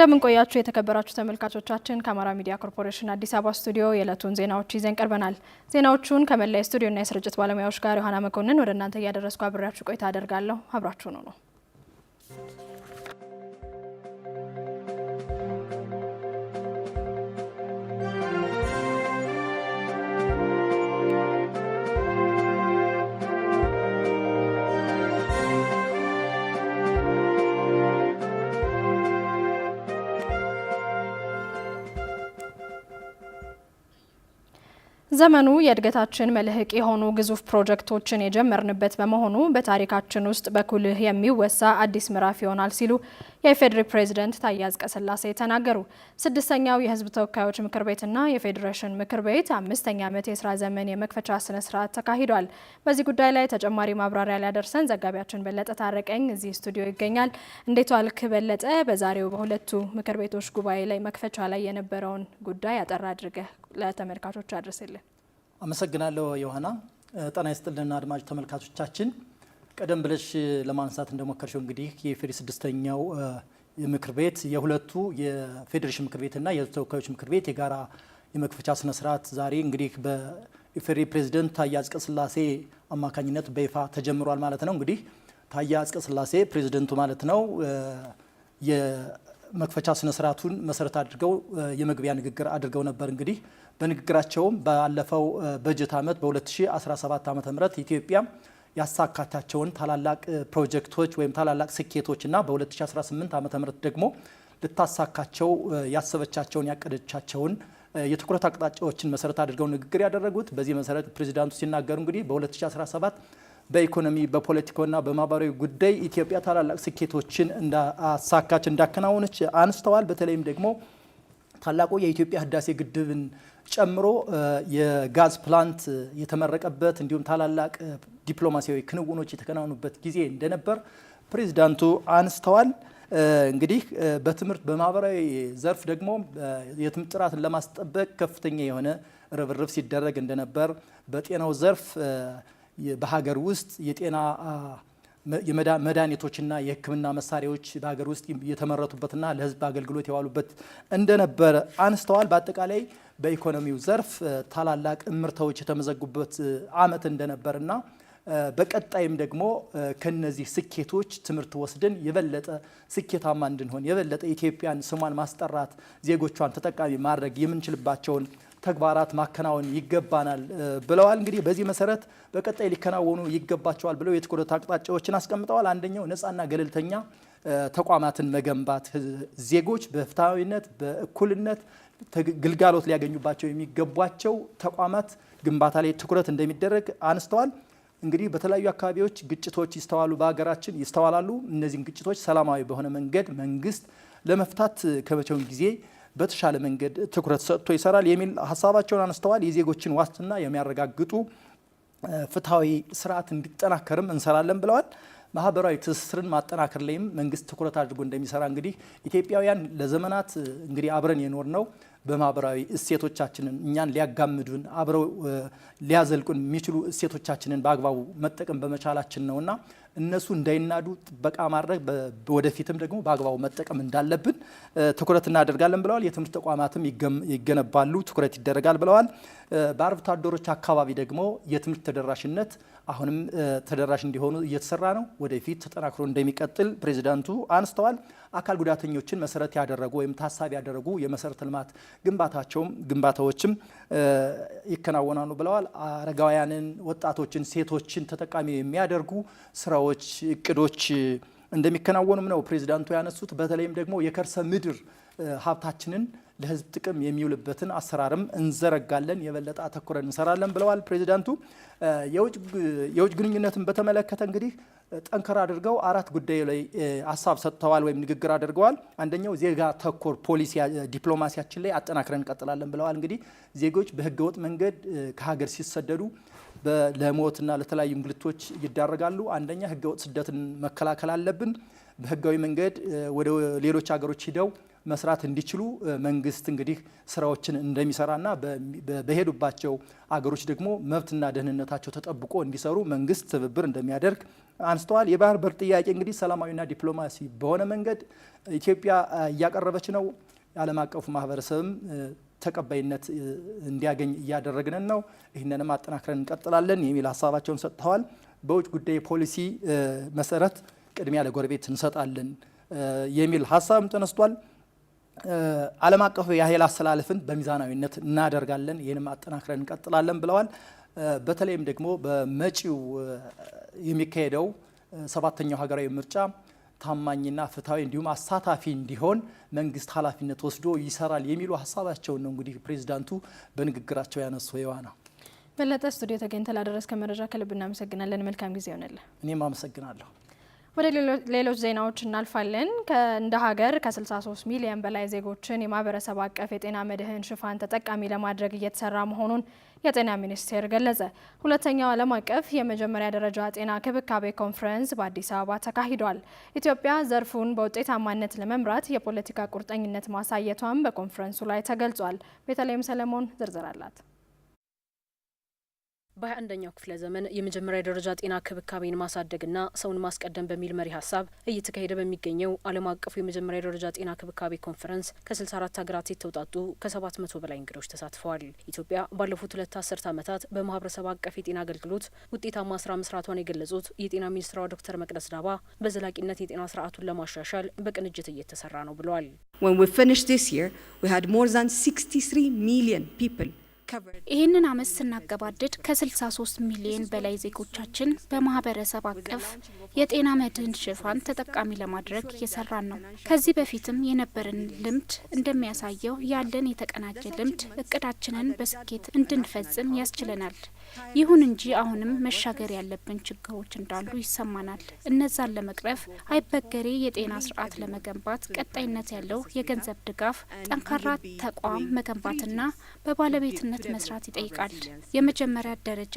እንደምን ቆያችሁ የተከበራችሁ ተመልካቾቻችን። ከአማራ ሚዲያ ኮርፖሬሽን አዲስ አበባ ስቱዲዮ የዕለቱን ዜናዎች ይዘን ቀርበናል። ዜናዎቹን ከመላ ስቱዲዮና የስርጭት ባለሙያዎች ጋር ዮሐና መኮንን ወደ እናንተ እያደረስኩ አብሬያችሁ ቆይታ አደርጋለሁ። አብራችሁ ነው ዘመኑ የእድገታችን መልህቅ የሆኑ ግዙፍ ፕሮጀክቶችን የጀመርንበት በመሆኑ በታሪካችን ውስጥ በኩልህ የሚወሳ አዲስ ምዕራፍ ይሆናል ሲሉ የኢፌዴሪ ፕሬዝደንት ታዬ አጽቀሥላሴ ተናገሩ። ስድስተኛው የህዝብ ተወካዮች ምክር ቤትና የፌዴሬሽን ምክር ቤት አምስተኛ ዓመት የስራ ዘመን የመክፈቻ ስነ ስርዓት ተካሂዷል። በዚህ ጉዳይ ላይ ተጨማሪ ማብራሪያ ሊያደርሰን ዘጋቢያችን በለጠ ታረቀኝ እዚህ ስቱዲዮ ይገኛል። እንዴት ዋልክ በለጠ? በዛሬው በሁለቱ ምክር ቤቶች ጉባኤ ላይ መክፈቻ ላይ የነበረውን ጉዳይ አጠር አድርገህ ለተመልካቾች አድርስልን። አመሰግናለሁ ዮሐና። ጤና ይስጥልን አድማጭ ተመልካቾቻችን፣ ቀደም ብለሽ ለማንሳት እንደሞከርሽው እንግዲህ የኢፌዴሪ ስድስተኛው ምክር ቤት የሁለቱ የፌዴሬሽን ምክር ቤትና የህዝብ ተወካዮች ምክር ቤት የጋራ የመክፈቻ ስነስርዓት ዛሬ እንግዲህ በኢፌዴሪ ፕሬዚደንት ታዬ አጽቀሥላሴ አማካኝነት በይፋ ተጀምሯል ማለት ነው። እንግዲህ ታዬ አጽቀሥላሴ ፕሬዚደንቱ ማለት ነው የመክፈቻ ስነስርዓቱን መሰረት አድርገው የመግቢያ ንግግር አድርገው ነበር እንግዲህ በንግግራቸውም ባለፈው በጀት ዓመት በ2017 ዓ ም ኢትዮጵያ ያሳካቻቸውን ታላላቅ ፕሮጀክቶች ወይም ታላላቅ ስኬቶች እና በ2018 ዓ ም ደግሞ ልታሳካቸው ያሰበቻቸውን ያቀደቻቸውን የትኩረት አቅጣጫዎችን መሰረት አድርገው ንግግር ያደረጉት። በዚህ መሰረት ፕሬዚዳንቱ ሲናገሩ እንግዲህ በ2017 በኢኮኖሚ በፖለቲካና በማህበራዊ ጉዳይ ኢትዮጵያ ታላላቅ ስኬቶችን እንዳሳካች እንዳከናወነች አንስተዋል። በተለይም ደግሞ ታላቁ የኢትዮጵያ ህዳሴ ግድብን ጨምሮ የጋዝ ፕላንት የተመረቀበት እንዲሁም ታላላቅ ዲፕሎማሲያዊ ክንውኖች የተከናወኑበት ጊዜ እንደነበር ፕሬዚዳንቱ አንስተዋል። እንግዲህ በትምህርት በማህበራዊ ዘርፍ ደግሞ የትምህርት ጥራትን ለማስጠበቅ ከፍተኛ የሆነ ርብርብ ሲደረግ እንደነበር፣ በጤናው ዘርፍ በሀገር ውስጥ የጤና መድኃኒቶችና የሕክምና መሳሪያዎች በሀገር ውስጥ የተመረቱበትና ለሕዝብ አገልግሎት የዋሉበት እንደነበረ አንስተዋል። በአጠቃላይ በኢኮኖሚው ዘርፍ ታላላቅ እምርታዎች የተመዘጉበት አመት እንደነበርና በቀጣይም ደግሞ ከነዚህ ስኬቶች ትምህርት ወስደን የበለጠ ስኬታማ እንድንሆን የበለጠ ኢትዮጵያን ስሟን ማስጠራት ዜጎቿን ተጠቃሚ ማድረግ የምንችልባቸውን ተግባራት ማከናወን ይገባናል ብለዋል። እንግዲህ በዚህ መሰረት በቀጣይ ሊከናወኑ ይገባቸዋል ብለው የትኩረት አቅጣጫዎችን አስቀምጠዋል። አንደኛው ነፃና ገለልተኛ ተቋማትን መገንባት ዜጎች በፍትሐዊነት በእኩልነት ግልጋሎት ሊያገኙባቸው የሚገቧቸው ተቋማት ግንባታ ላይ ትኩረት እንደሚደረግ አንስተዋል። እንግዲህ በተለያዩ አካባቢዎች ግጭቶች ይስተዋሉ፣ በሀገራችን ይስተዋላሉ። እነዚህን ግጭቶች ሰላማዊ በሆነ መንገድ መንግስት ለመፍታት ከመቼውም ጊዜ በተሻለ መንገድ ትኩረት ሰጥቶ ይሰራል የሚል ሀሳባቸውን አነስተዋል። የዜጎችን ዋስትና የሚያረጋግጡ ፍትሐዊ ስርዓት እንዲጠናከርም እንሰራለን ብለዋል። ማህበራዊ ትስስርን ማጠናከር ላይም መንግስት ትኩረት አድርጎ እንደሚሰራ እንግዲህ ኢትዮጵያውያን ለዘመናት እንግዲህ አብረን የኖር ነው በማህበራዊ እሴቶቻችንን እኛን ሊያጋምዱን አብረው ሊያዘልቁን የሚችሉ እሴቶቻችንን በአግባቡ መጠቀም በመቻላችን ነውና እነሱ እንዳይናዱ ጥበቃ ማድረግ ወደፊትም ደግሞ በአግባቡ መጠቀም እንዳለብን ትኩረት እናደርጋለን ብለዋል። የትምህርት ተቋማትም ይገነባሉ፣ ትኩረት ይደረጋል ብለዋል። በአርብቶ አደሮች አካባቢ ደግሞ የትምህርት ተደራሽነት አሁንም ተደራሽ እንዲሆኑ እየተሰራ ነው። ወደፊት ተጠናክሮ እንደሚቀጥል ፕሬዚዳንቱ አንስተዋል። አካል ጉዳተኞችን መሰረት ያደረጉ ወይም ታሳቢ ያደረጉ የመሰረተ ልማት ግንባታቸውም ግንባታዎችም ይከናወናሉ ብለዋል። አረጋውያንን፣ ወጣቶችን፣ ሴቶችን ተጠቃሚ የሚያደርጉ ስራዎች ስራዎች፣ እቅዶች እንደሚከናወኑም ነው ፕሬዚዳንቱ ያነሱት። በተለይም ደግሞ የከርሰ ምድር ሀብታችንን ለህዝብ ጥቅም የሚውልበትን አሰራርም እንዘረጋለን፣ የበለጠ አተኩረን እንሰራለን ብለዋል ፕሬዚዳንቱ። የውጭ ግንኙነትን በተመለከተ እንግዲህ ጠንከር አድርገው አራት ጉዳይ ላይ ሀሳብ ሰጥተዋል ወይም ንግግር አድርገዋል። አንደኛው ዜጋ ተኮር ፖሊሲ ዲፕሎማሲያችን ላይ አጠናክረን እንቀጥላለን ብለዋል። እንግዲህ ዜጎች በህገወጥ መንገድ ከሀገር ሲሰደዱ ለሞትና ለተለያዩ እንግልቶች ይዳረጋሉ። አንደኛ ህገወጥ ስደትን መከላከል አለብን። በህጋዊ መንገድ ወደ ሌሎች ሀገሮች ሂደው መስራት እንዲችሉ መንግስት እንግዲህ ስራዎችን እንደሚሰራና በሄዱባቸው አገሮች ደግሞ መብትና ደህንነታቸው ተጠብቆ እንዲሰሩ መንግስት ትብብር እንደሚያደርግ አንስተዋል። የባህር በር ጥያቄ እንግዲህ ሰላማዊና ዲፕሎማሲ በሆነ መንገድ ኢትዮጵያ እያቀረበች ነው። የዓለም አቀፉ ማህበረሰብም ተቀባይነት እንዲያገኝ እያደረግንን ነው። ይህንንም አጠናክረን እንቀጥላለን የሚል ሀሳባቸውን ሰጥተዋል። በውጭ ጉዳይ ፖሊሲ መሰረት ቅድሚያ ለጎረቤት እንሰጣለን የሚል ሀሳብም ተነስቷል። ዓለም አቀፉ የኃይል አስተላለፍን በሚዛናዊነት እናደርጋለን፣ ይህንም አጠናክረን እንቀጥላለን ብለዋል። በተለይም ደግሞ በመጪው የሚካሄደው ሰባተኛው ሀገራዊ ምርጫ ታማኝና ፍትሐዊ እንዲሁም አሳታፊ እንዲሆን መንግስት ኃላፊነት ወስዶ ይሰራል የሚሉ ሀሳባቸውን ነው እንግዲህ ፕሬዚዳንቱ በንግግራቸው ያነሱ የዋና በለጠ ስቱዲዮ ተገኝተ ላደረስከ መረጃ ከልብ እናመሰግናለን። መልካም ጊዜ ይሆነለ። እኔም አመሰግናለሁ። ወደ ሌሎች ዜናዎች እናልፋለን። እንደ ሀገር ከ63 ሚሊዮን በላይ ዜጎችን የማህበረሰብ አቀፍ የጤና መድህን ሽፋን ተጠቃሚ ለማድረግ እየተሰራ መሆኑን የጤና ሚኒስቴር ገለጸ። ሁለተኛው ዓለም አቀፍ የመጀመሪያ ደረጃ ጤና ክብካቤ ኮንፈረንስ በአዲስ አበባ ተካሂዷል። ኢትዮጵያ ዘርፉን በውጤታማነት ለመምራት የፖለቲካ ቁርጠኝነት ማሳየቷን በኮንፈረንሱ ላይ ተገልጿል። በተለይም ሰለሞን ዝርዝር አላት። በሀያ አንደኛው ክፍለ ዘመን የመጀመሪያ ደረጃ ጤና ክብካቤን ማሳደግና ሰውን ማስቀደም በሚል መሪ ሀሳብ እየተካሄደ በሚገኘው ዓለም አቀፉ የመጀመሪያ ደረጃ ጤና ክብካቤ ኮንፈረንስ ከ አራት ሀገራት የተውጣጡ ከሰባት መቶ በላይ እንግዶች ተሳትፈዋል። ኢትዮጵያ ባለፉት ሁለት አስርት ዓመታት በማህበረሰብ አቀፍ የጤና አገልግሎት ውጤታማ ስራ መስራቷን የገለጹት የጤና ሚኒስትሯ ዶክተር መቅደስ ዳባ በዘላቂነት የጤና ስርዓቱን ለማሻሻል በቅንጅት እየተሰራ ነው ብለዋል። When we finished this year, we had more ይህንን አመት ስናገባድድ ከ63 ሚሊዮን በላይ ዜጎቻችን በማህበረሰብ አቀፍ የጤና መድህን ሽፋን ተጠቃሚ ለማድረግ እየሰራን ነው። ከዚህ በፊትም የነበረን ልምድ እንደሚያሳየው ያለን የተቀናጀ ልምድ እቅዳችንን በስኬት እንድንፈጽም ያስችለናል። ይሁን እንጂ አሁንም መሻገር ያለብን ችግሮች እንዳሉ ይሰማናል። እነዛን ለመቅረፍ አይበገሬ የጤና ስርዓት ለመገንባት ቀጣይነት ያለው የገንዘብ ድጋፍ፣ ጠንካራ ተቋም መገንባትና በባለቤትነት በቅንነት መስራት ይጠይቃል። የመጀመሪያ ደረጃ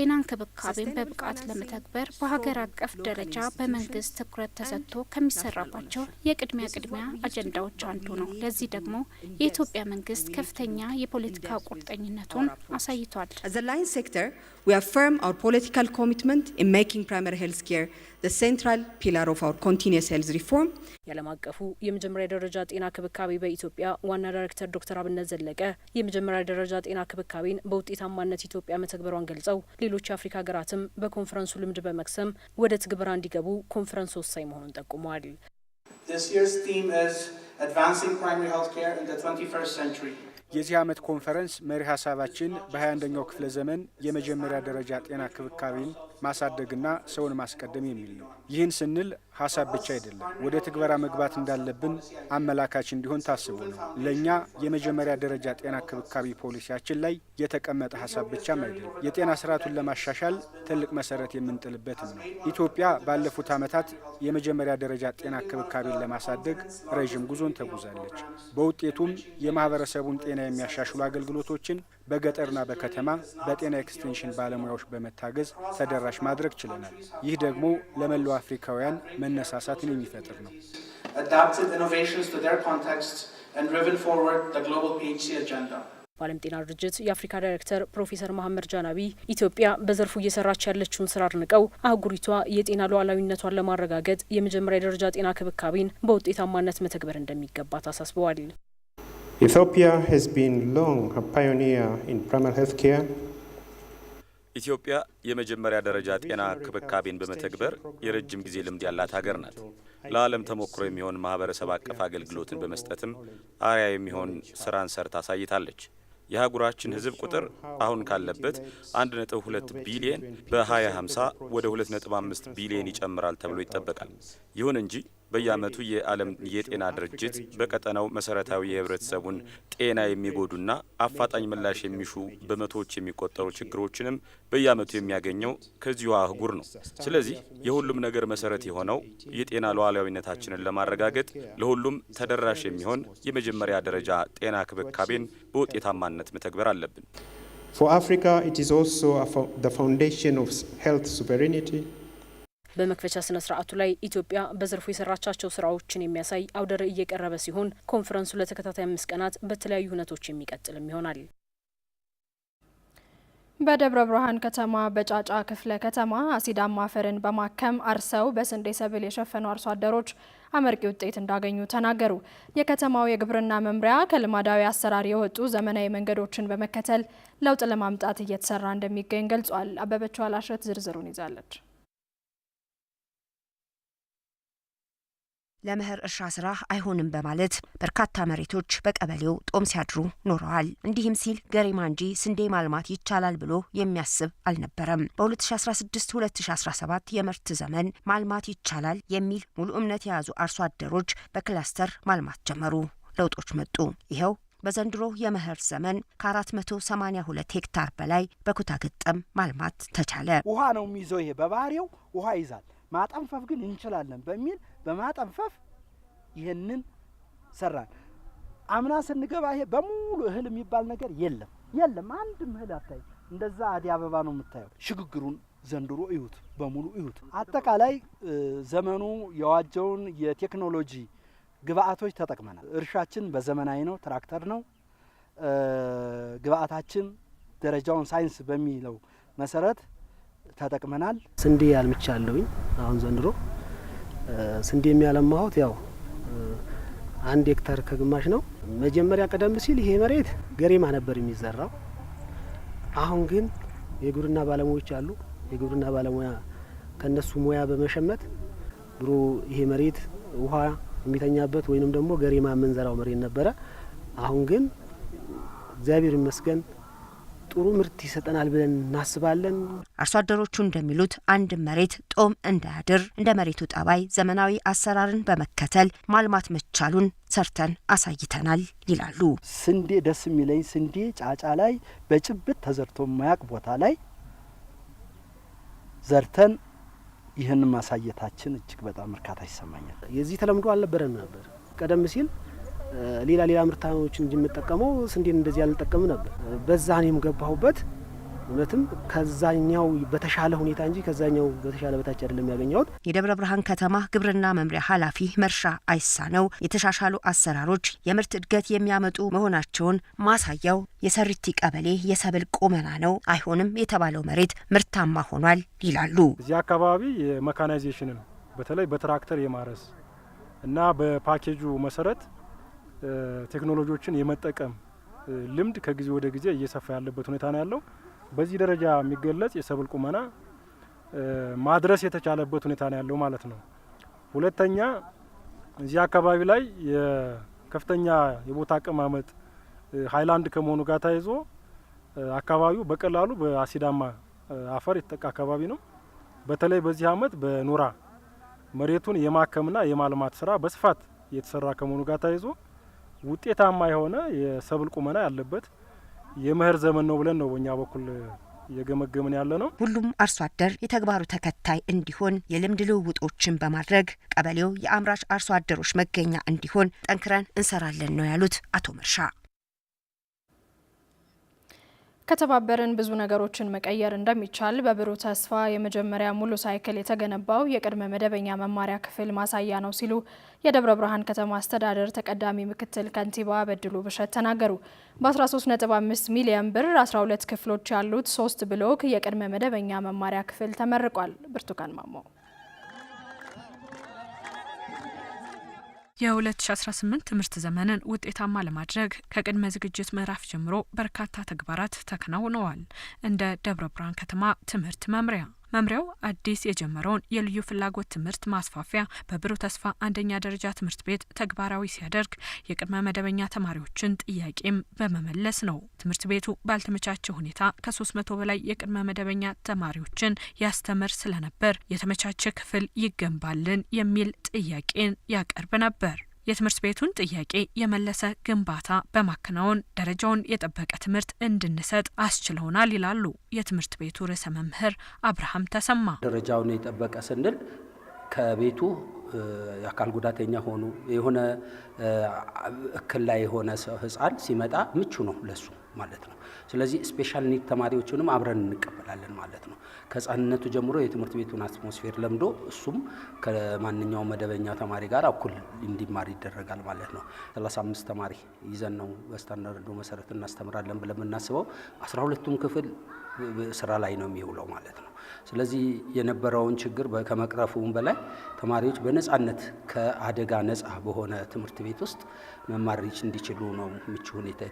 ጤና እንክብካቤን በብቃት ለመተግበር በሀገር አቀፍ ደረጃ በመንግስት ትኩረት ተሰጥቶ ከሚሰራባቸው የቅድሚያ ቅድሚያ አጀንዳዎች አንዱ ነው። ለዚህ ደግሞ የኢትዮጵያ መንግስት ከፍተኛ የፖለቲካ ቁርጠኝነቱን አሳይቷል። As a Alliance sector, we affirm our political commitment in making primary health የዓለም አቀፉ የመጀመሪያ ደረጃ ጤና ክብካቤ በኢትዮጵያ ዋና ዳይሬክተር ዶክተር አብነት ዘለቀ የመጀመሪያ ደረጃ ጤና ክብካቤን በውጤታማነት ኢትዮጵያ መተግበሯን ገልጸው ሌሎች የአፍሪካ ሀገራትም በኮንፈረንሱ ልምድ በመቅሰም ወደ ትግበራ እንዲገቡ ኮንፈረንሱ ወሳኝ መሆኑን ጠቁመዋል። የዚህ ዓመት ኮንፈረንስ መሪ ሀሳባችን በ21ኛው ክፍለ ዘመን የመጀመሪያ ደረጃ ጤና ክብካቤን ማሳደግና ሰውን ማስቀደም የሚል ነው። ይህን ስንል ሀሳብ ብቻ አይደለም፣ ወደ ትግበራ መግባት እንዳለብን አመላካች እንዲሆን ታስቦ ነው። ለእኛ የመጀመሪያ ደረጃ ጤና ክብካቤ ፖሊሲያችን ላይ የተቀመጠ ሀሳብ ብቻም አይደለም፣ የጤና ስርዓቱን ለማሻሻል ትልቅ መሰረት የምንጥልበትም ነው። ኢትዮጵያ ባለፉት ዓመታት የመጀመሪያ ደረጃ ጤና ክብካቤን ለማሳደግ ረዥም ጉዞን ተጉዛለች። በውጤቱም የማህበረሰቡን ጤና የሚያሻሽሉ አገልግሎቶችን በገጠርና በከተማ በጤና ኤክስቴንሽን ባለሙያዎች በመታገዝ ተደራሽ ማድረግ ችለናል። ይህ ደግሞ ለመላው አፍሪካውያን መነሳሳትን የሚፈጥር ነው። በዓለም ጤና ድርጅት የአፍሪካ ዳይሬክተር ፕሮፌሰር መሀመድ ጃናቢ ኢትዮጵያ በዘርፉ እየሰራች ያለችውን ስራ አድንቀው አህጉሪቷ የጤና ሉዓላዊነቷን ለማረጋገጥ የመጀመሪያ ደረጃ ጤና ክብካቤን በውጤታማነት መተግበር እንደሚገባ አሳስበዋል። ኢትዮጵያ የመጀመሪያ ደረጃ ጤና ክብካቤን በመተግበር የረጅም ጊዜ ልምድ ያላት ሀገር ናት። ለዓለም ተሞክሮ የሚሆን ማህበረሰብ አቀፍ አገልግሎትን በመስጠትም አርአያ የሚሆን ስራን ሰርታ አሳይታለች። የአህጉራችን ህዝብ ቁጥር አሁን ካለበት 1.2 ቢሊየን በ2050 ወደ 2.5 ቢሊየን ይጨምራል ተብሎ ይጠበቃል። ይሁን እንጂ በየአመቱ የዓለም የጤና ድርጅት በቀጠናው መሰረታዊ የህብረተሰቡን ጤና የሚጎዱና አፋጣኝ ምላሽ የሚሹ በመቶዎች የሚቆጠሩ ችግሮችንም በየዓመቱ የሚያገኘው ከዚሁ አህጉር ነው። ስለዚህ የሁሉም ነገር መሰረት የሆነው የጤና ሉዓላዊነታችንን ለማረጋገጥ ለሁሉም ተደራሽ የሚሆን የመጀመሪያ ደረጃ ጤና ክብካቤን በውጤታማነት መተግበር አለብን። For አፍሪካ it is also the foundation of በመክፈቻ ስነ ስርዓቱ ላይ ኢትዮጵያ በዘርፉ የሰራቻቸው ስራዎችን የሚያሳይ አውደ ርዕይ እየቀረበ ሲሆን ኮንፈረንሱ ለተከታታይ አምስት ቀናት በተለያዩ ሁነቶች የሚቀጥልም ይሆናል። በደብረ ብርሃን ከተማ በጫጫ ክፍለ ከተማ አሲዳማ አፈርን በማከም አርሰው በስንዴ ሰብል የሸፈኑ አርሶ አደሮች አመርቂ ውጤት እንዳገኙ ተናገሩ። የከተማው የግብርና መምሪያ ከልማዳዊ አሰራር የወጡ ዘመናዊ መንገዶችን በመከተል ለውጥ ለማምጣት እየተሰራ እንደሚገኝ ገልጿል። አበበችው አላሸት ዝርዝሩን ይዛለች። ለመኸር እርሻ ስራ አይሆንም በማለት በርካታ መሬቶች በቀበሌው ጦም ሲያድሩ ኖረዋል። እንዲህም ሲል ገሪማ እንጂ ስንዴ ማልማት ይቻላል ብሎ የሚያስብ አልነበረም። በ2016-2017 የምርት ዘመን ማልማት ይቻላል የሚል ሙሉ እምነት የያዙ አርሶ አደሮች በክላስተር ማልማት ጀመሩ። ለውጦች መጡ። ይኸው በዘንድሮ የመኸር ዘመን ከ482 ሄክታር በላይ በኩታ ግጥም ማልማት ተቻለ። ውሃ ነው የሚይዘው። ይሄ በባህሪው ውሃ ይዛል። ማጠንፈፍ ግን እንችላለን በሚል በማጠንፈፍ ይህንን ሰራን። አምና ስንገባ ይሄ በሙሉ እህል የሚባል ነገር የለም የለም፣ አንድም እህል አታይ። እንደዛ አዲ አበባ ነው የምታየው። ሽግግሩን ዘንድሮ እዩት፣ በሙሉ እዩት። አጠቃላይ ዘመኑ የዋጀውን የቴክኖሎጂ ግብአቶች ተጠቅመናል። እርሻችን በዘመናዊ ነው፣ ትራክተር ነው። ግብአታችን ደረጃውን ሳይንስ በሚለው መሰረት ተጠቅመናል። ስንዴ አልምቻለሁኝ አሁን ዘንድሮ ስንዴ የሚያለማሁት ያው አንድ ሄክታር ከግማሽ ነው። መጀመሪያ ቀደም ሲል ይሄ መሬት ገሬማ ነበር የሚዘራው። አሁን ግን የግብርና ባለሙያዎች አሉ። የግብርና ባለሙያ ከእነሱ ሙያ በመሸመት ድሮ ይሄ መሬት ውሃ የሚተኛበት ወይንም ደግሞ ገሬማ የምንዘራው መሬት ነበረ። አሁን ግን እግዚአብሔር ይመስገን ጥሩ ምርት ይሰጠናል ብለን እናስባለን። አርሶ አደሮቹ እንደሚሉት አንድ መሬት ጦም እንዳያድር እንደ መሬቱ ጠባይ ዘመናዊ አሰራርን በመከተል ማልማት መቻሉን ሰርተን አሳይተናል ይላሉ። ስንዴ ደስ የሚለኝ ስንዴ ጫጫ ላይ በጭብት ተዘርቶ ማያቅ ቦታ ላይ ዘርተን ይህን ማሳየታችን እጅግ በጣም እርካታ ይሰማኛል። የዚህ ተለምዶ አልነበረም ነበር ቀደም ሲል ሌላ ሌላ ምርታዎችን እንጂ የምጠቀመው ስንዴን እንደዚህ ያልንጠቀም ነበር። በዛን የምገባሁበት እውነትም ከዛኛው በተሻለ ሁኔታ እንጂ ከዛኛው በተሻለ በታች አይደለም ያገኘሁት። የደብረ ብርሃን ከተማ ግብርና መምሪያ ኃላፊ መርሻ አይሳ ነው የተሻሻሉ አሰራሮች የምርት እድገት የሚያመጡ መሆናቸውን ማሳያው የሰሪቲ ቀበሌ የሰብል ቁመና ነው። አይሆንም የተባለው መሬት ምርታማ ሆኗል ይላሉ። እዚህ አካባቢ የመካናይዜሽን ነው በተለይ በትራክተር የማረስ እና በፓኬጁ መሰረት ቴክኖሎጂዎችን የመጠቀም ልምድ ከጊዜ ወደ ጊዜ እየሰፋ ያለበት ሁኔታ ነው ያለው። በዚህ ደረጃ የሚገለጽ የሰብል ቁመና ማድረስ የተቻለበት ሁኔታ ነው ያለው ማለት ነው። ሁለተኛ እዚህ አካባቢ ላይ የከፍተኛ የቦታ አቀማመጥ ሀይላንድ ከመሆኑ ጋር ተያይዞ አካባቢው በቀላሉ በአሲዳማ አፈር የተጠቃ አካባቢ ነው። በተለይ በዚህ አመት በኖራ መሬቱን የማከምና የማልማት ስራ በስፋት የተሰራ ከመሆኑ ጋር ተያይዞ ውጤታማ የሆነ የሰብል ቁመና ያለበት የመኸር ዘመን ነው ብለን ነው በእኛ በኩል እየገመገምን ያለ ነው። ሁሉም አርሶ አደር የተግባሩ ተከታይ እንዲሆን የልምድ ልውውጦችን በማድረግ ቀበሌው የአምራች አርሶ አደሮች መገኛ እንዲሆን ጠንክረን እንሰራለን ነው ያሉት አቶ መርሻ። ከተባበርን ብዙ ነገሮችን መቀየር እንደሚቻል በብሩህ ተስፋ የመጀመሪያ ሙሉ ሳይክል የተገነባው የቅድመ መደበኛ መማሪያ ክፍል ማሳያ ነው ሲሉ የደብረ ብርሃን ከተማ አስተዳደር ተቀዳሚ ምክትል ከንቲባ በድሉ ብሸት ተናገሩ። በ13.5 ሚሊዮን ብር 12 ክፍሎች ያሉት ሶስት ብሎክ የቅድመ መደበኛ መማሪያ ክፍል ተመርቋል። ብርቱካን ማሞ የ2018 ትምህርት ዘመንን ውጤታማ ለማድረግ ከቅድመ ዝግጅት ምዕራፍ ጀምሮ በርካታ ተግባራት ተከናውነዋል። እንደ ደብረ ብርሃን ከተማ ትምህርት መምሪያ መምሪያው አዲስ የጀመረውን የልዩ ፍላጎት ትምህርት ማስፋፊያ በብሩህ ተስፋ አንደኛ ደረጃ ትምህርት ቤት ተግባራዊ ሲያደርግ የቅድመ መደበኛ ተማሪዎችን ጥያቄም በመመለስ ነው። ትምህርት ቤቱ ባልተመቻቸ ሁኔታ ከ300 በላይ የቅድመ መደበኛ ተማሪዎችን ያስተምር ስለነበር የተመቻቸ ክፍል ይገንባልን የሚል ጥያቄን ያቀርብ ነበር። የትምህርት ቤቱን ጥያቄ የመለሰ ግንባታ በማከናወን ደረጃውን የጠበቀ ትምህርት እንድንሰጥ አስችለውናል ይላሉ የትምህርት ቤቱ ርዕሰ መምህር አብርሃም ተሰማ። ደረጃውን የጠበቀ ስንል ከቤቱ የአካል ጉዳተኛ ሆኑ የሆነ እክል ላይ የሆነ ህፃን ሲመጣ ምቹ ነው ለሱ ማለት ነው። ስለዚህ ስፔሻል ኒድ ተማሪዎችንም አብረን እንቀበላለን ማለት ነው። ከህፃንነቱ ጀምሮ የትምህርት ቤቱን አትሞስፌር ለምዶ እሱም ከማንኛውም መደበኛ ተማሪ ጋር እኩል እንዲማር ይደረጋል ማለት ነው። 35 ተማሪ ይዘን ነው በስታንዳርዱ መሰረት እናስተምራለን ብለን የምናስበው 12ቱም ክፍል ስራ ላይ ነው የሚውለው ማለት ነው። ስለዚህ የነበረውን ችግር ከመቅረፉም በላይ ተማሪዎች በነፃነት ከአደጋ ነፃ በሆነ ትምህርት ቤት ውስጥ መማር እንዲችሉ ነው ምቹ ሁኔታ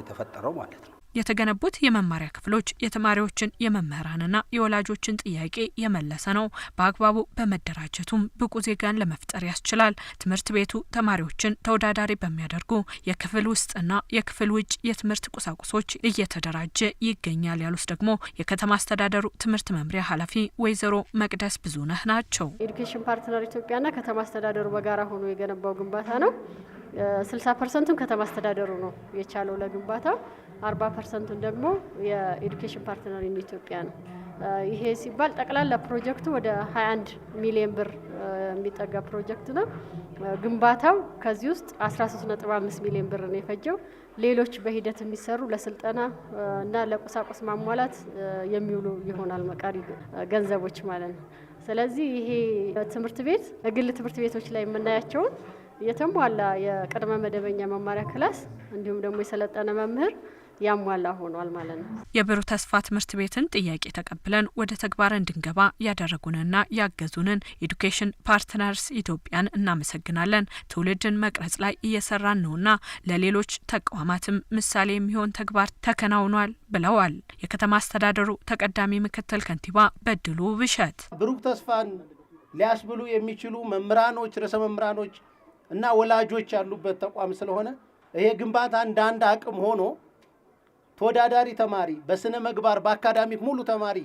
የተፈጠረው ማለት ነው። የተገነቡት የመማሪያ ክፍሎች የተማሪዎችን የመምህራንና የወላጆችን ጥያቄ የመለሰ ነው። በአግባቡ በመደራጀቱም ብቁ ዜጋን ለመፍጠር ያስችላል። ትምህርት ቤቱ ተማሪዎችን ተወዳዳሪ በሚያደርጉ የክፍል ውስጥና የክፍል ውጭ የትምህርት ቁሳቁሶች እየተደራጀ ይገኛል ያሉት ደግሞ የከተማ አስተዳደሩ ትምህርት መምሪያ ኃላፊ ወይዘሮ መቅደስ ብዙነህ ናቸው። ኤዱኬሽን ፓርትነር ኢትዮጵያና ከተማ አስተዳደሩ በጋራ ሆኖ የገነባው ግንባታ ነው። ስልሳ ፐርሰንቱም ከተማ አስተዳደሩ ነው የቻለው ለግንባታው አርባ ፐርሰንቱን ደግሞ የኤዱኬሽን ፓርትነር ኢን ኢትዮጵያ ነው። ይሄ ሲባል ጠቅላላ ፕሮጀክቱ ወደ 21 ሚሊዮን ብር የሚጠጋ ፕሮጀክት ነው። ግንባታው ከዚህ ውስጥ 13.5 ሚሊዮን ብር ነው የፈጀው። ሌሎች በሂደት የሚሰሩ ለስልጠና እና ለቁሳቁስ ማሟላት የሚውሉ ይሆናል፣ መቃሪ ገንዘቦች ማለት ነው። ስለዚህ ይሄ ትምህርት ቤት እግል ትምህርት ቤቶች ላይ የምናያቸውን የተሟላ የቅድመ መደበኛ መማሪያ ክላስ እንዲሁም ደግሞ የሰለጠነ መምህር ያሟላ ሆኗል ማለት ነው። የብሩህ ተስፋ ትምህርት ቤትን ጥያቄ ተቀብለን ወደ ተግባር እንድንገባ ያደረጉንና ያገዙንን ኤዱኬሽን ፓርትነርስ ኢትዮጵያን እናመሰግናለን። ትውልድን መቅረጽ ላይ እየሰራን ነውና ለሌሎች ተቋማትም ምሳሌ የሚሆን ተግባር ተከናውኗል ብለዋል። የከተማ አስተዳደሩ ተቀዳሚ ምክትል ከንቲባ በድሉ ብሸት ብሩህ ተስፋን ሊያስብሉ የሚችሉ መምህራኖች፣ ርዕሰ መምህራኖች እና ወላጆች ያሉበት ተቋም ስለሆነ ይሄ ግንባታ እንደ አንድ አቅም ሆኖ ተወዳዳሪ ተማሪ በስነ ምግባር በአካዳሚክ ሙሉ ተማሪ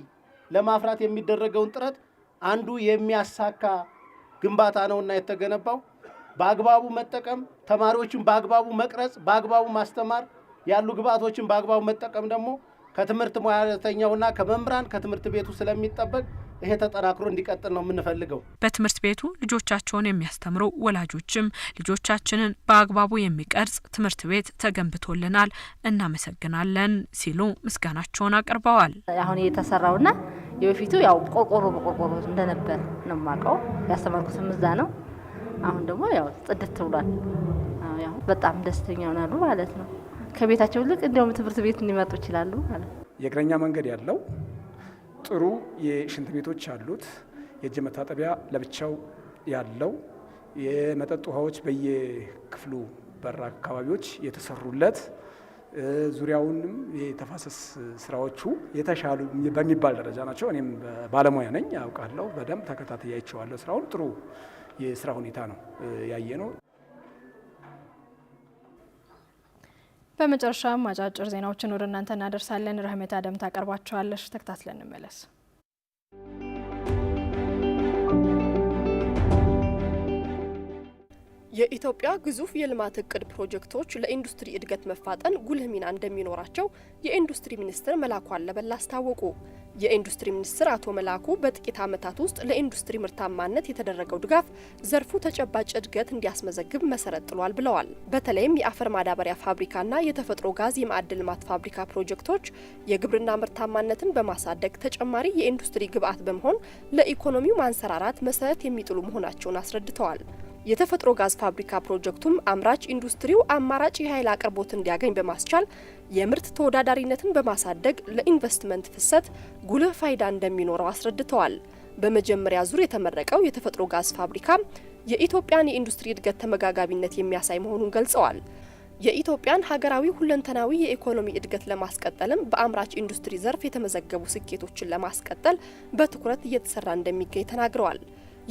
ለማፍራት የሚደረገውን ጥረት አንዱ የሚያሳካ ግንባታ ነውና የተገነባው በአግባቡ መጠቀም፣ ተማሪዎችን በአግባቡ መቅረጽ፣ በአግባቡ ማስተማር፣ ያሉ ግብአቶችን በአግባቡ መጠቀም ደግሞ ከትምህርት ሙያተኛውና ከመምህራን ከትምህርት ቤቱ ስለሚጠበቅ ይሄ ተጠናክሮ እንዲቀጥል ነው የምንፈልገው። በትምህርት ቤቱ ልጆቻቸውን የሚያስተምሩ ወላጆችም ልጆቻችንን በአግባቡ የሚቀርጽ ትምህርት ቤት ተገንብቶልናል፣ እናመሰግናለን ሲሉ ምስጋናቸውን አቅርበዋል። አሁን የተሰራውና የበፊቱ ያው ቆርቆሮ በቆርቆሮ እንደነበር ነው የማውቀው። ያስተማርኩትም እዛ ነው። አሁን ደግሞ ያው ጽድት ብሏል። በጣም ደስተኛ ሆናሉ ማለት ነው። ከቤታቸው ልቅ እንዲያውም ትምህርት ቤት እንዲመጡ ይችላሉ ማለት ነው። የእግረኛ መንገድ ያለው ጥሩ የሽንት ቤቶች አሉት። የእጅ መታጠቢያ ለብቻው ያለው የመጠጥ ውሃዎች በየክፍሉ በር አካባቢዎች የተሰሩለት ዙሪያውንም የተፋሰስ ስራዎቹ የተሻሉ በሚባል ደረጃ ናቸው። እኔም ባለሙያ ነኝ፣ ያውቃለሁ በደንብ ተከታተያቸዋለሁ። ስራውን ጥሩ የስራ ሁኔታ ነው ያየ ነው። በመጨረሻም አጫጭር ዜናዎችን ወደ እናንተ እናደርሳለን። ረህመት አደም ታቀርባቸዋለች። ተከታትለን እንመለስ። የኢትዮጵያ ግዙፍ የልማት እቅድ ፕሮጀክቶች ለኢንዱስትሪ እድገት መፋጠን ጉልህ ሚና እንደሚኖራቸው የኢንዱስትሪ ሚኒስትር መላኩ አለበል አስታወቁ። የኢንዱስትሪ ሚኒስትር አቶ መላኩ በጥቂት ዓመታት ውስጥ ለኢንዱስትሪ ምርታማነት የተደረገው ድጋፍ ዘርፉ ተጨባጭ እድገት እንዲያስመዘግብ መሰረት ጥሏል ብለዋል። በተለይም የአፈር ማዳበሪያ ፋብሪካና የተፈጥሮ ጋዝ የማዕድን ልማት ፋብሪካ ፕሮጀክቶች የግብርና ምርታማነትን በማሳደግ ተጨማሪ የኢንዱስትሪ ግብዓት በመሆን ለኢኮኖሚው ማንሰራራት መሰረት የሚጥሉ መሆናቸውን አስረድተዋል። የተፈጥሮ ጋዝ ፋብሪካ ፕሮጀክቱም አምራች ኢንዱስትሪው አማራጭ የኃይል አቅርቦት እንዲያገኝ በማስቻል የምርት ተወዳዳሪነትን በማሳደግ ለኢንቨስትመንት ፍሰት ጉልህ ፋይዳ እንደሚኖረው አስረድተዋል። በመጀመሪያ ዙር የተመረቀው የተፈጥሮ ጋዝ ፋብሪካ የኢትዮጵያን የኢንዱስትሪ እድገት ተመጋጋቢነት የሚያሳይ መሆኑን ገልጸዋል። የኢትዮጵያን ሀገራዊ ሁለንተናዊ የኢኮኖሚ እድገት ለማስቀጠልም በአምራች ኢንዱስትሪ ዘርፍ የተመዘገቡ ስኬቶችን ለማስቀጠል በትኩረት እየተሰራ እንደሚገኝ ተናግረዋል።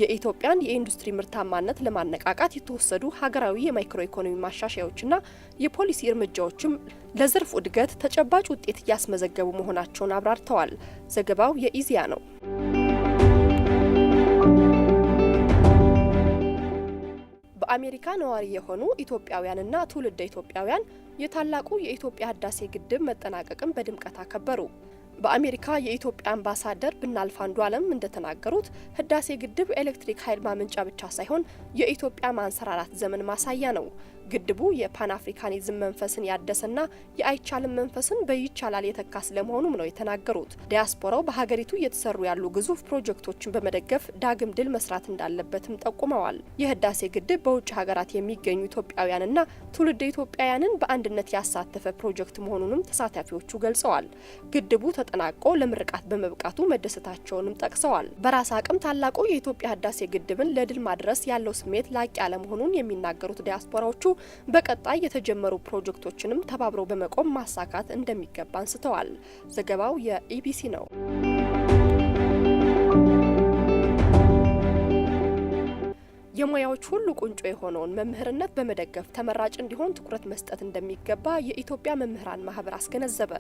የኢትዮጵያን የኢንዱስትሪ ምርታማነት ለማነቃቃት የተወሰዱ ሀገራዊ የማይክሮ ኢኮኖሚ ማሻሻያዎችና የፖሊሲ እርምጃዎችም ለዘርፉ እድገት ተጨባጭ ውጤት እያስመዘገቡ መሆናቸውን አብራርተዋል። ዘገባው የኢዜአ ነው። በአሜሪካ ነዋሪ የሆኑ ኢትዮጵያውያንና ትውልደ ኢትዮጵያውያን የታላቁ የኢትዮጵያ ህዳሴ ግድብ መጠናቀቅን በድምቀት አከበሩ። በአሜሪካ የኢትዮጵያ አምባሳደር ብናልፍ አንዱ አለም እንደተናገሩት ህዳሴ ግድብ ኤሌክትሪክ ኃይል ማመንጫ ብቻ ሳይሆን የኢትዮጵያ ማንሰራራት ዘመን ማሳያ ነው። ግድቡ የፓን አፍሪካኒዝም መንፈስን ያደሰና የአይቻልም መንፈስን በይቻላል የተካ ስለመሆኑም ነው የተናገሩት። ዲያስፖራው በሀገሪቱ እየተሰሩ ያሉ ግዙፍ ፕሮጀክቶችን በመደገፍ ዳግም ድል መስራት እንዳለበትም ጠቁመዋል። የህዳሴ ግድብ በውጭ ሀገራት የሚገኙ ኢትዮጵያውያንና ትውልድ ኢትዮጵያውያንን በአንድነት ያሳተፈ ፕሮጀክት መሆኑንም ተሳታፊዎቹ ገልጸዋል። ግድቡ ተጠናቆ ለምርቃት በመብቃቱ መደሰታቸውንም ጠቅሰዋል። በራስ አቅም ታላቁ የኢትዮጵያ ህዳሴ ግድብን ለድል ማድረስ ያለው ስሜት ላቅ ያለ መሆኑን የሚናገሩት ዲያስፖራዎቹ በቀጣይ የተጀመሩ ፕሮጀክቶችንም ተባብረው በመቆም ማሳካት እንደሚገባ አንስተዋል። ዘገባው የኢቢሲ ነው። የሙያዎች ሁሉ ቁንጮ የሆነውን መምህርነት በመደገፍ ተመራጭ እንዲሆን ትኩረት መስጠት እንደሚገባ የኢትዮጵያ መምህራን ማህበር አስገነዘበ።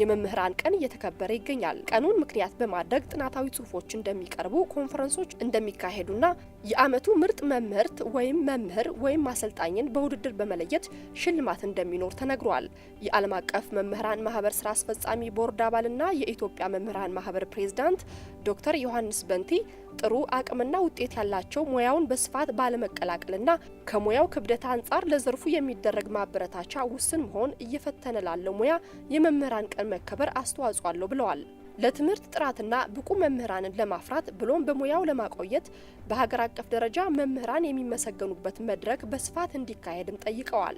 የመምህራን ቀን እየተከበረ ይገኛል። ቀኑን ምክንያት በማድረግ ጥናታዊ ጽሁፎች እንደሚቀርቡ፣ ኮንፈረንሶች እንደሚካሄዱና የዓመቱ ምርጥ መምህርት ወይም መምህር ወይም አሰልጣኝን በውድድር በመለየት ሽልማት እንደሚኖር ተነግሯል። የዓለም አቀፍ መምህራን ማህበር ስራ አስፈጻሚ ቦርድ አባልና የኢትዮጵያ መምህራን ማህበር ፕሬዝዳንት ዶክተር ዮሐንስ በንቲ ጥሩ አቅምና ውጤት ያላቸው ሙያውን በስፋት ባለመቀላቀልና ከሙያው ክብደት አንጻር ለዘርፉ የሚደረግ ማበረታቻ ውስን መሆን እየፈተነ ላለው ሙያ የመምህራን ቀን መከበር አስተዋጽኦ አለው ብለዋል። ለትምህርት ጥራትና ብቁ መምህራንን ለማፍራት ብሎም በሙያው ለማቆየት በሀገር አቀፍ ደረጃ መምህራን የሚመሰገኑበት መድረክ በስፋት እንዲካሄድም ጠይቀዋል።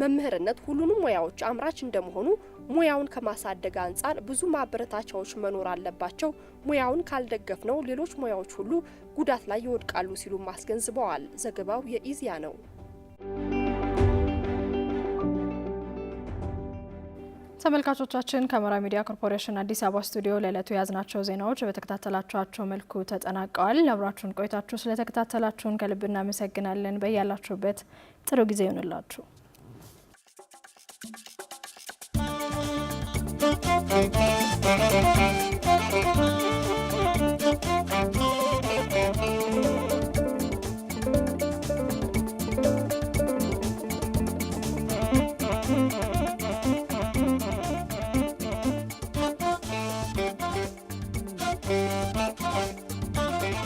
መምህርነት ሁሉንም ሙያዎች አምራች እንደመሆኑ ሙያውን ከማሳደግ አንጻር ብዙ ማበረታቻዎች መኖር አለባቸው። ሙያውን ካልደገፍ ነው ሌሎች ሙያዎች ሁሉ ጉዳት ላይ ይወድቃሉ ሲሉም አስገንዝበዋል። ዘገባው የኢዚያ ነው። ተመልካቾቻችን ከአማራ ሚዲያ ኮርፖሬሽን አዲስ አበባ ስቱዲዮ ለዕለቱ የያዝናቸው ዜናዎች በተከታተላችኋቸው መልኩ ተጠናቀዋል። አብራችሁን ቆይታችሁ ስለተከታተላችሁን ከልብ እናመሰግናለን። በያላችሁበት ጥሩ ጊዜ ይሆንላችሁ።